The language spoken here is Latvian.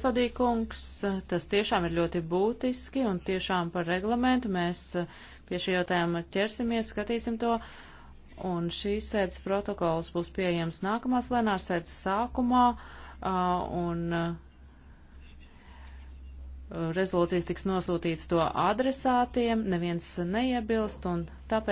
Sadīkungs, tas tiešām ir ļoti būtiski un tiešām par reglamentu mēs eh, pie šī jautājuma ķersimies, skatīsim to. Un šīs sēdes protokols būs pieejams nākamās plenāras sēdes sākumā un rezolūcijas tiks nosūtīts to adresātiem, neviens neiebilst un tāpēc.